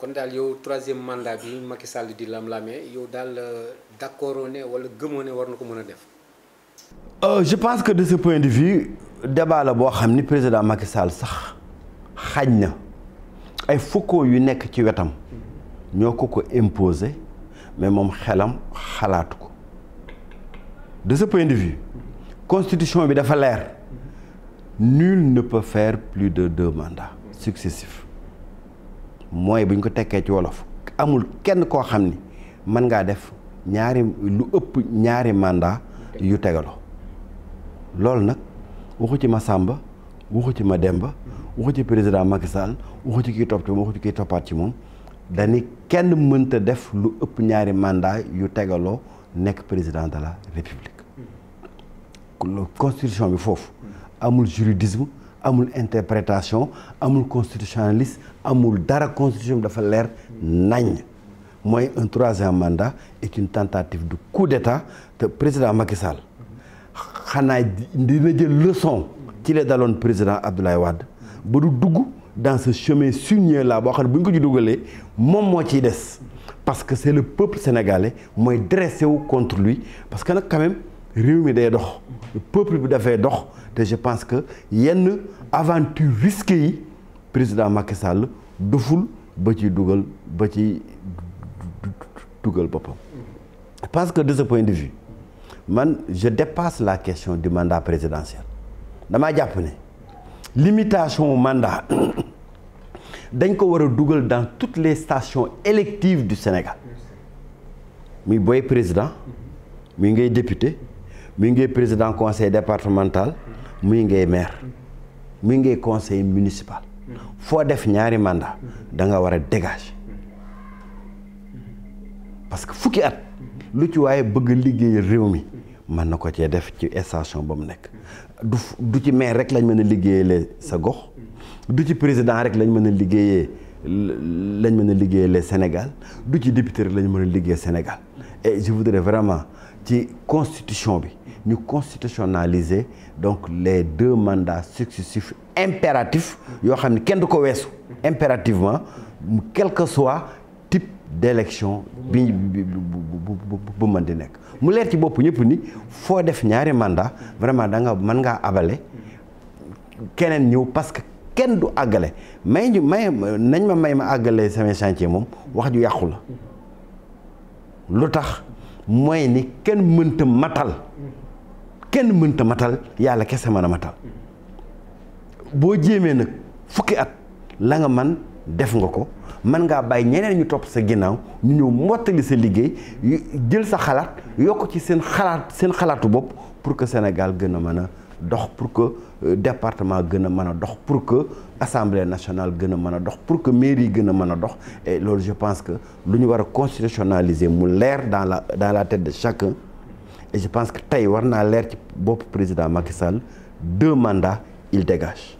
kon dal yow 3 troisième mandat bi Macky Sall di lam-lamee yow dal euh, d'accordone wala gëmoo ne war na ko mën a def. Euh, je pense que de ce point de vue débat la bo xamni président Macky Sall sax xaj ay fukkoo yu nek ci wétam ñoko ko imposer mais mom xélam xalaatu ko de ce point de vue constitution bi dafa lèr nul ne peut faire plus de deux mandats successifs. mooy bu ñu ko tekkee ci wolof amul kenn koo xam ni mën ngaa def ñaari lu ëpp ñaari mandat yu tegaloo loolu nag waxu ci ma Samba waxu ci ma Demba waxu ci président Macky Sall waxu ci kii topp ci moom waxu toppaat ci moom dañu kenn mënta def lu ëpp ñaari mandat yu tegaloo nekk président de la constitution bi foofu amul juridisme amul interprétation amul constitutionnaliste amul dara constitution de dafa lèr nañ moy un troisième mandat est une tentative de coup d'état de président Macky Sall xanaa dina jël leçon ci la président Abdoulaye Wade ba du dans ce chemin sinueux là bo xam buñ ko ci moitié des parce que c'est le peuple sénégalais moy dressé contre lui parce que a quand même réew mi day dox peuple bi dafay dox je pense que une aventure risquée président Macky Sall De ba ci dugal ba ci dugal Je parce que de ce point de vue man je dépasse la question du mandat présidentiel Dans ma japonais, limitation au mandat dañ ko war dans toutes les stations électives du Sénégal Mais boy président muy ngay député muy ngay président conseil départemental muy ngay maire muy ngay conseil municipal foo def ñaari mandat da nga war a dégager parce que fukki at lu ci waaye bëgg liggéey réew mi mën na ko cee def ci station ba mu nekk du du ci maire rek lañ mën a liggéeyalee sa gox du ci président rek lañ mën a liggéeyee lañ mën a liggéeyalee Sénégal du ci député rek lañ mën a liggéey Sénégal et je voudrais vraiment ci constitution bi ñu constitutionnaliser donc les deux mandats successifs impératifs yo xam kenn du ko weesu impérativement quel que soit type d'élection bi bu mën di nek mu leer ci bop ñëpp ni fo def ñaari mandat vraiment da nga mën nga abale kenen ñëw parce que kenn du agalé may ñu may nañ ma may ma agalé sama chantier mom wax ju yàqu lutax moy ni kenn mënta matal kenn mënta matal yàlla kese mën a matal boo jéemee nag fukki at la nga man def nga ko man ngaa bàyyi ñeneen ñu topp sa ginnaaw ñu ñëw mottali sa liggéey jël sa xalaat yokk ci seen xalaat seen xalaatu bopp pour que Sénégal gën a mën a dox pour que euh, département gën a mën a dox pour que assemblée nationale gën a mën a dox pour que mairie gën a mën a dox et loolu je pense que lu ñu war a constitutionnaliser mu leer dans la dans la tête de chacun et je pense que Taïwan a l'air président Macky Sall deux mandats il dégage